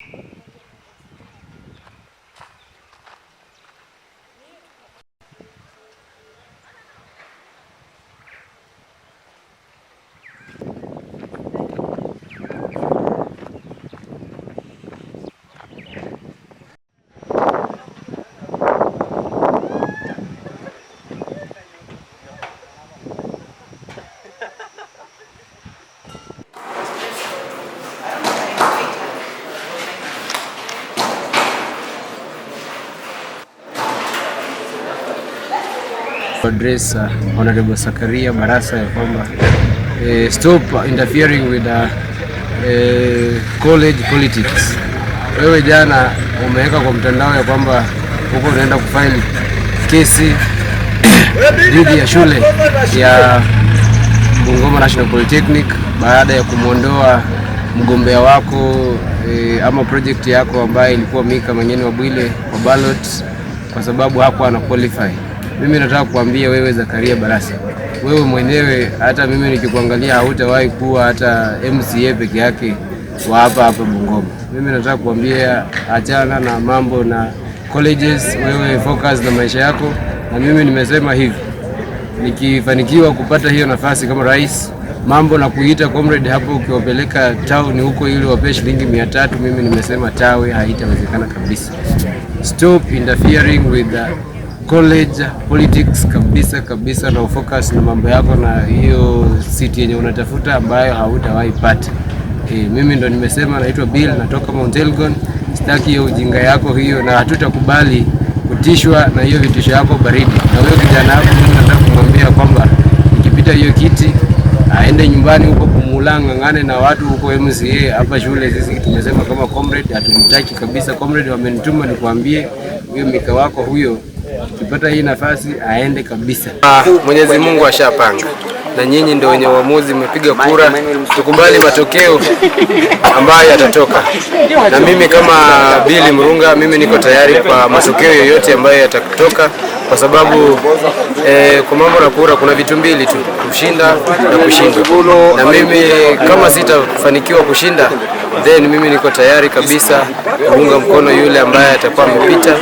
you address uh, Honorable Sakaria Barasa ya kwamba uh, stop interfering with uh, eh, college politics. Wewe jana umeweka kwa mtandao ya kwamba huko unaenda kufaili kesi dhidi ya shule ya Bungoma National Polytechnic baada ya kumwondoa mgombea wako e, ama project yako ambaye ilikuwa Mika Mangeni Wabwile kwa ballot kwa sababu hakuwa ana qualify. Mimi nataka kuambia wewe Zakaria Barasa, wewe mwenyewe hata mimi nikikuangalia hautawahi kuwa hata MCA peke yake wa hapa hapa Bungoma. Mimi nataka kuambia achana na mambo na colleges, wewe focus na maisha yako, na mimi nimesema hivi, nikifanikiwa kupata hiyo nafasi kama rais, mambo na kuita comrade hapo, ukiwapeleka town huko ili wape shilingi mia tatu, mimi nimesema tawe haitawezekana kabisa. Stop interfering with the college politics kabisa kabisa, na ufocus na mambo yako na hiyo city yenye unatafuta ambayo hautawahi pata. E, mimi ndo nimesema naitwa Bill, natoka Mount Elgon. Sitaki hiyo ujinga yako hiyo, na hatutakubali kutishwa na hiyo vitisho yako baridi. Na huyo kijana hapo, nataka kumwambia kwamba nikipita hiyo kiti aende nyumbani huko Kumulanga ngane na watu huko MCA. Hapa shule sisi tumesema kama comrade hatumtaki kabisa. Comrade wamenituma nikwambie huyo mika wako huyo kipata hii nafasi aende kabisa. Ah, Mwenyezi Mungu ashapanga na nyinyi ndio wenye uamuzi, mmepiga kura, tukubali matokeo ambayo yatatoka. Na mimi kama Billy Murunga, mimi niko tayari kwa matokeo yoyote ambayo yatatoka, kwa sababu eh, kwa mambo na kura kuna vitu mbili tu, kushinda na kushindwa, na mimi kama sitafanikiwa kushinda then mimi niko tayari kabisa kuunga mkono yule ambaye atakuwa amepita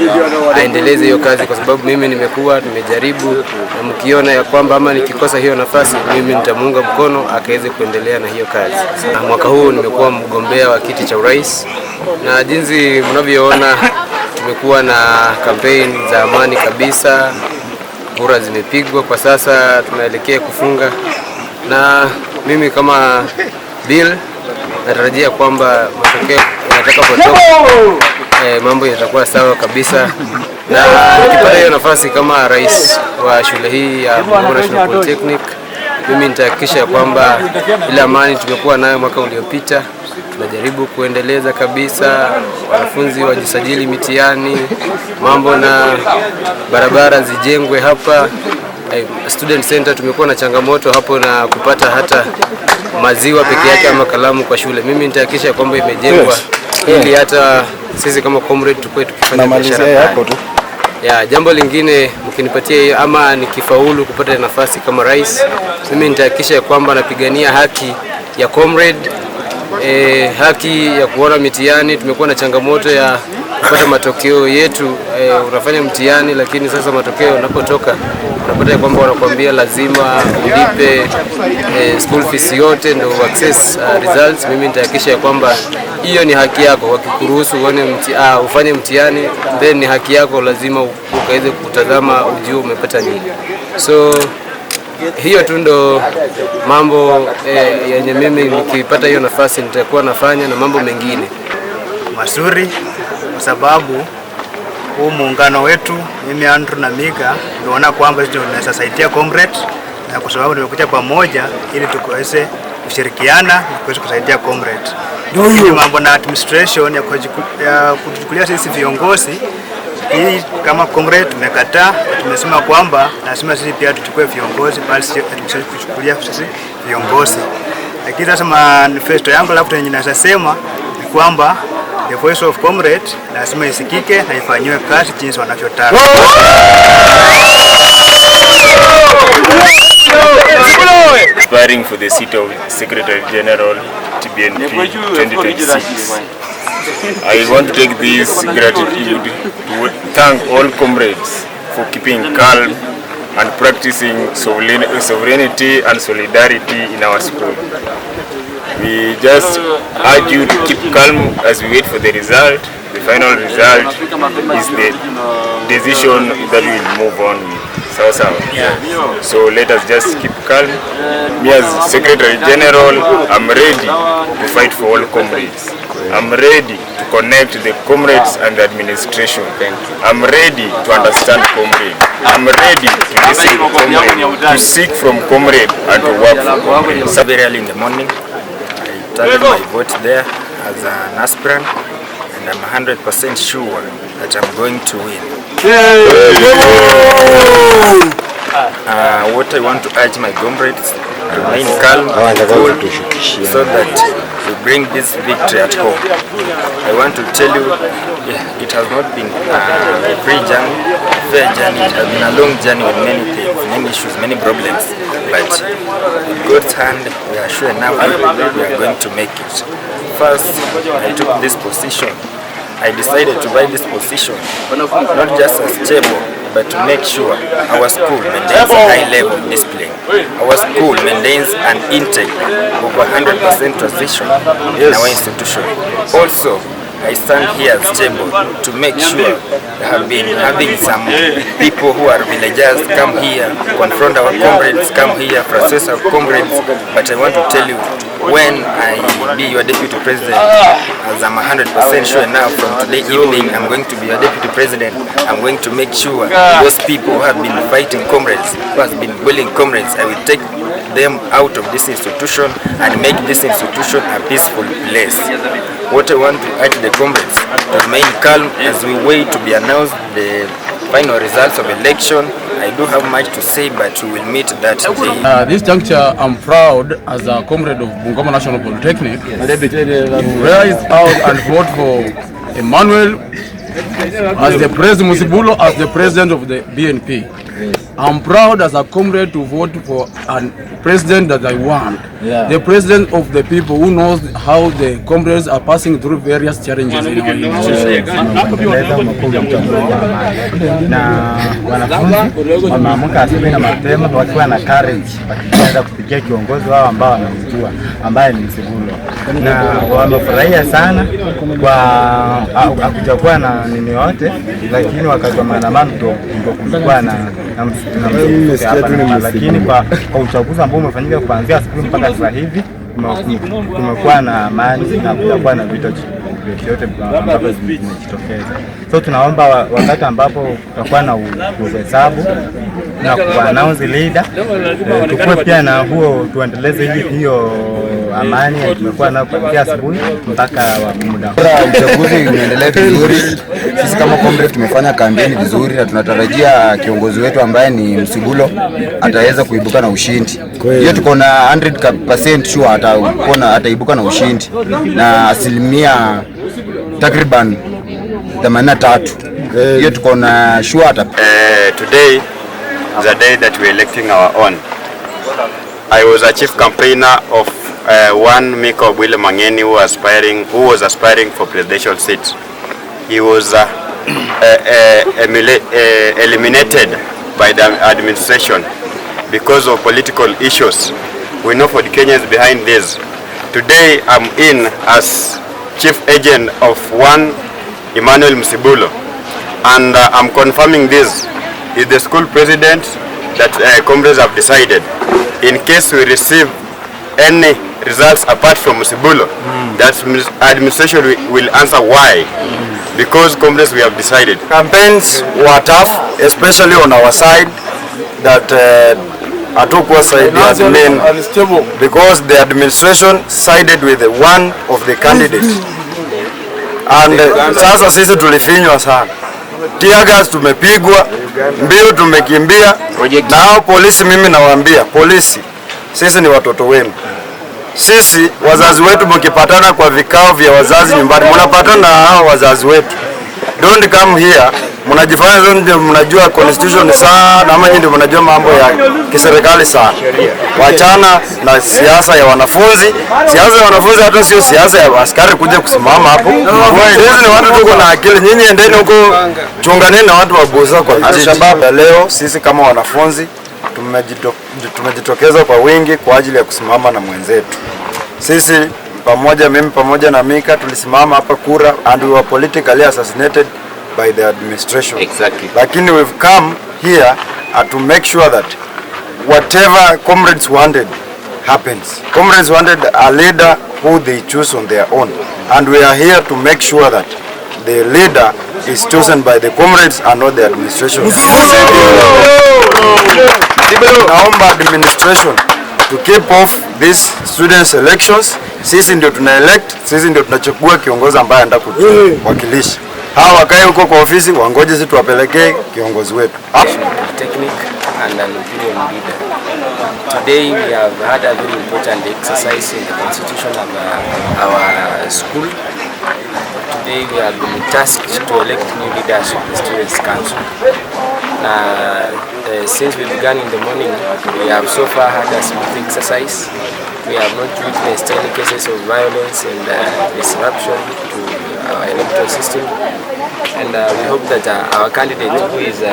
aendeleze hiyo kazi, kwa sababu mimi nimekuwa nimejaribu, na mkiona ya kwamba ama nikikosa hiyo nafasi, mimi nitamuunga mkono akaweze kuendelea na hiyo kazi. Na mwaka huu nimekuwa mgombea wa kiti cha urais, na jinsi mnavyoona tumekuwa na kampeni za amani kabisa, kura zimepigwa, kwa sasa tunaelekea kufunga, na mimi kama Bill natarajia kwamba matokeo yatakapotoka eh, mambo yatakuwa sawa kabisa na nikipata hiyo nafasi kama rais wa shule hii ya National Polytechnic, mimi nitahakikisha kwamba ile amani tumekuwa nayo mwaka uliopita tunajaribu kuendeleza kabisa, wanafunzi wajisajili mitihani, mambo na barabara zijengwe hapa. Eh, student Center tumekuwa na changamoto hapo na kupata hata maziwa peke yake ama kalamu kwa shule. Mimi nitahakikisha kwamba imejengwa yes. ili hata sisi kama comrade tukue tukifanya biashara yako tu. Ya, jambo lingine mkinipatia hiyo ama nikifaulu kupata nafasi kama rais, mimi nitahakikisha kwamba napigania haki ya comrade e, haki ya kuona mitihani. Tumekuwa na changamoto ya kupata matokeo yetu e, unafanya mtihani lakini sasa matokeo yanapotoka unapata kwamba wanakuambia lazima ulipe eh, school fees yote ndio access uh, results. Mimi nitahakikisha ya kwamba hiyo ni haki yako, wakikuruhusu uone mti, uh, ufanye mtihani then ni haki yako, lazima ukaweze kutazama ujue umepata nini. So hiyo tu ndo mambo eh, yenye mimi nikipata hiyo nafasi nitakuwa nafanya na mambo mengine mazuri kwa sababu huu muungano wetu, mimi Andrew na Miga, tunaona kwamba tunaweza saidia comrade, na kwa sababu tumekuja pamoja ili tuweze kushirikiana na kuweza kusaidia comrades. Ndio mambo na administration ya kuchukulia sisi viongozi hii kama comrade tumekataa, tumesema kwamba lazima sisi pia tuchukue viongozi, bali kuchukulia sisi viongozi. Lakini sasa manifesto yangu, alafu tunasema ni kwamba the voice of comrade lazima isikike na ifanywe kazi jinsi wanavyotaka. Aspiring for the seat of Secretary General TBNP 2026. I want to take this gratitude to thank all comrades for keeping calm and practicing sovereignty and solidarity in our school. We just urge you to keep calm as we wait for the result. The final result is the decision that we will move on with. Sawa sawa. Yeah. So let us just keep calm. Me as Secretary General, I'm ready to fight for all comrades. I'm ready to connect the comrades and the administration. I'm ready to understand comrade. I'm ready to listen to comrade, to seek from comrade and to work for comrade. Severally in the morning tally my vote there as an aspirant and I'm 100% sure that I'm going to win. Uh, what I want to urge my comrades to remain calm and cool so that we bring this victory at home. I want to tell you yeah, it has not been uh, a free journey, a fair journey, it has been a long journey with many things, many issues, many problems but God's hand, we are sure now we are going to make it. First, I took this position. I decided to buy this position, not just as table but to make sure our school maintains a high level of discipline. Our school maintains an intake of 100% transition yes. in our institution. Also, I stand here as Chebo to make sure have been having some people who are villagers come here, confront our comrades, come here, process our comrades. But I want to tell you, when I be your deputy president, as I'm 100% sure now from today evening, I'm going to be your deputy president. I'm going to make sure those people who have been fighting comrades, who have been bullying comrades, I will take them out of this institution and make this institution a peaceful place. What I want to urge the comrades to remain calm as we wait to be announced the final results of election. I do have much to say, but we will meet that day. Uh, this juncture, I'm proud as a comrade of Bungoma National Polytechnic to rise out and vote for Emmanuel as the president, Musibulo as the president of the BNP. I'm proud as a comrade to vote for a president that I want. Yeah. The president of the people who knows how the comrades are passing through various challenges in our industry. Wameleta na wanafunzi wameamka asubuhi na mapema wakiwa na courage wakienda kupigia kiongozi wao ambao wanamjua ambaye ni msigulo na wamefurahia sana kwa hakujakuwa na nini yote, lakini wakati wa maandamano ndio kulikuwa na lakini kwa uchaguzi ambao umefanyika kuanzia siku mpaka sasa hivi kumekuwa na amani na kutakuwa na vita vyote ambavyo vimejitokeza. So tunaomba wakati ambapo kutakuwa na uhesabu na kuanaunsi leader, eh, tukuwe pia na huo tuendeleze hiyo Eh, amani tumekuwa nao kuanzia asubuhi mpaka wa muda. Uchaguzi umeendelea vizuri, sisi kama Comrade tumefanya kampeni vizuri na tunatarajia kiongozi wetu ambaye ni Msibulo ataweza kuibuka na ushindi. Hiyo tuko na 100% sure atakona ataibuka na ushindi na asilimia takriban 83. Hiyo tuko na sure ata eh, today is a day that we electing our own. I was a chief campaigner of Uh, one Miko Bwile Mangeni who, aspiring, who was aspiring for presidential seat. He was uh, uh, uh, uh, eliminated by the administration because of political issues. We know for the Kenyans behind this. Today I'm in as chief agent of one Emmanuel Msibulo and uh, I'm confirming this is the school president that uh, comrades have decided in case we receive any results apart from Sibulo, mm. that administration will answer why. Mm. Because comrades, we have decided. Campaigns were tough, especially on our side, that uh, Atukwa side has been, because the administration sided with one of the candidates. And uh, sasa sisi tulifinywa sana. Tear gas tumepigwa, mbio tumekimbia, na hao polisi mimi nawaambia, polisi, sisi ni watoto wenu sisi wazazi wetu mkipatana kwa vikao vya wazazi nyumbani, mnapatana na hao wazazi wetu, don't come here mnajifanya zoni ndio mnajua constitution sana, ama ndio mnajua mambo ya kiserikali sana. Wachana na siasa ya wanafunzi. Siasa ya wanafunzi hata sio siasa ya askari kuja kusimama hapo. Sisi ni watu tuko na akili, nyinyi endeni huko, chunganeni na watu wa busa. kwa sababu Leo sisi kama wanafunzi tumejitokeza kwa wingi kwa ajili ya kusimama na mwenzetu. Sisi pamoja, mimi pamoja na Mika tulisimama hapa kura and we were politically assassinated by the administration. Exactly. Lakini we've come here uh, to make sure that whatever comrades wanted happens. Comrades wanted a leader who they choose on their own and we are here to make sure that the leader is chosen by the comrades and not the administration. Naomba administration to keep off these students elections. Sisi ndio tuna elect, sisi ndio tunachukua kiongozi ambaye anataka kuwakilisha. Hawa wakae huko kwa ofisi wangoje sisi tuwapelekee kiongozi wetu. Ah. and an opinion leader. Today we have had a very important exercise in the constitution of uh, our school. Today we have been tasked to elect new leaders of the Students' Council. Uh, uh, since we began in the morning, we have so far had a smooth exercise. We have not witnessed any cases of violence and uh, disruption to our electoral system. And uh, we hope that uh, our candidate who is uh,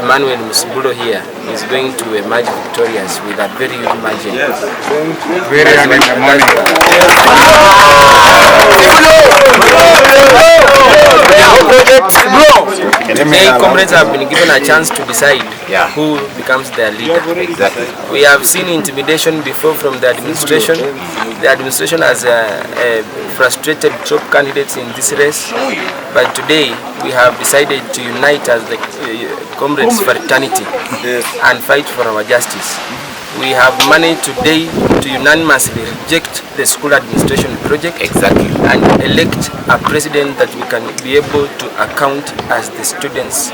Emmanuel Musibulo here is going to emerge victorious with a very huge margin. Yes. Very early in the morning. Yes. Bro! Bro! Bro! Bro! They comrades have been given a chance to decide yeah. who becomes their leader. Exactly. We have seen intimidation before from the administration. The administration has a, uh, a uh, frustrated top candidates in this race, but today we have decided to unite as the uh, comrades fraternity and fight for our justice we have managed today to unanimously reject the school administration project exactly and elect a president that we can be able to account as the students.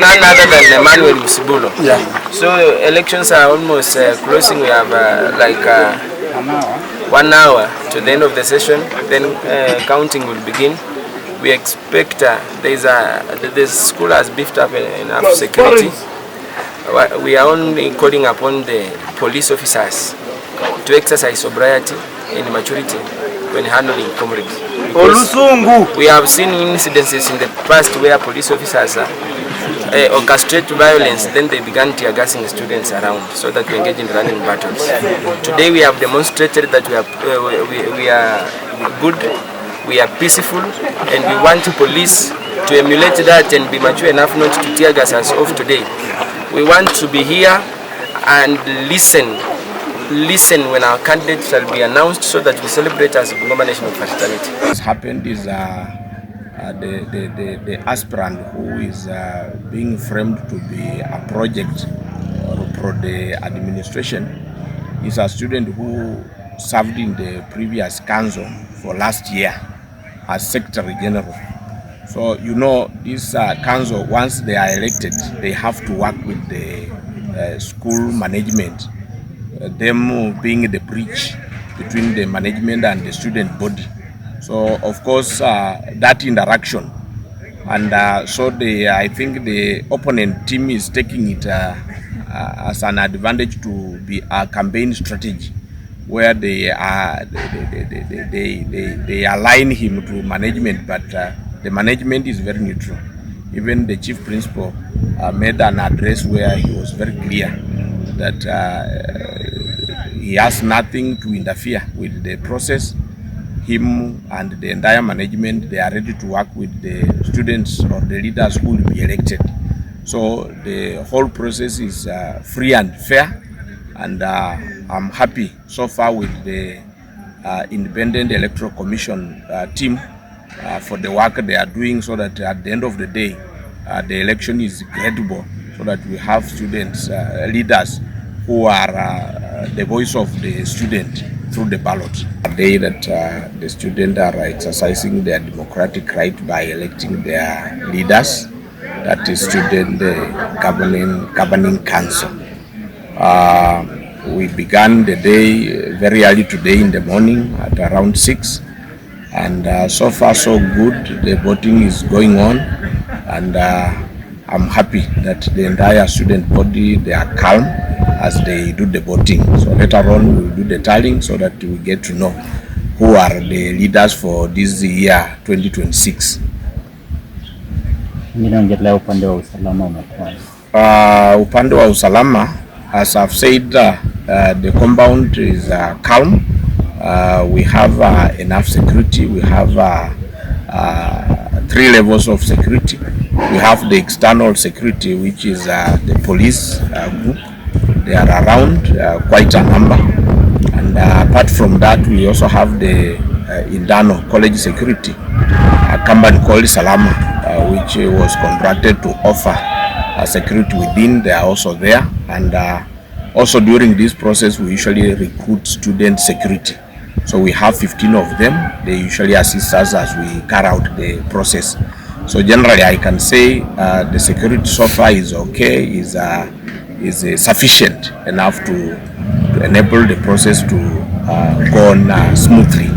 None other than Emmanuel Musibulo. Yeah. So elections are almost uh, closing. We have uh, like uh, one hour to the end of the session. Then uh, counting will begin we expect uh, there's a the school has beefed up enough security. We are only calling upon the police officers to exercise sobriety and maturity when handling comrades. Because we have seen incidences in the past where police officers uh, uh, orchestrate violence, then they began tear gassing students around so that we engage in running battles. Today we have demonstrated that we are, uh, we, we are good we are peaceful and we want police to emulate that and be mature enough not to tear gas us off today. We want to be here and listen listen when our candidates shall be announced so that we celebrate as Bungoma National Fraternity. What happened is uh, uh, the, the, the, the, aspirant who is uh, being framed to be a project for the administration is a student who served in the previous council for last year as Secretary General. So you know this uh, council once they are elected they have to work with the uh, school management uh, them being the bridge between the management and the student body. So of course uh, that interaction and uh, so the I think the opponent team is taking it uh, uh, as an advantage to be a campaign strategy. where they are they they, they, they, they, they align him to management, but uh, the management is very neutral. Even the chief principal uh, made an address where he was very clear that uh, he has nothing to interfere with the process. Him and the entire management, they are ready to work with the students or the leaders who will be elected. So the whole process is uh, free and fair, and uh, I'm happy so far with the uh, Independent Electoral Commission uh, team uh, for the work they are doing so that at the end of the day uh, the election is credible so that we have students uh, leaders who are uh, the voice of the student through the ballot. A day that uh, the students are exercising their democratic right by electing their leaders, that is student the uh, governing, governing council. Uh, We began the day uh, very early today in the morning at around 6 and uh, so far so good. The voting is going on and uh, I'm happy that the entire student body, they are calm as they do the voting. So later on we will do the tallying so that we get to know who are the leaders for this year 2026. Uh, upande wa usalama As I've said, uh, uh, the compound is uh, calm. Uh, we have uh, enough security. We have uh, uh, three levels of security. We have the external security, which is uh, the police uh, group. They are around uh, quite a number. And uh, apart from that, we also have the uh, internal college security, a company called Salama, uh, which was contracted to offer uh, security within. They are also there. and uh, also during this process we usually recruit student security so we have 15 of them they usually assist us as we carry out the process so generally i can say uh, the security so far is okay is uh, is uh, sufficient enough to, to enable the process to uh, go on uh, smoothly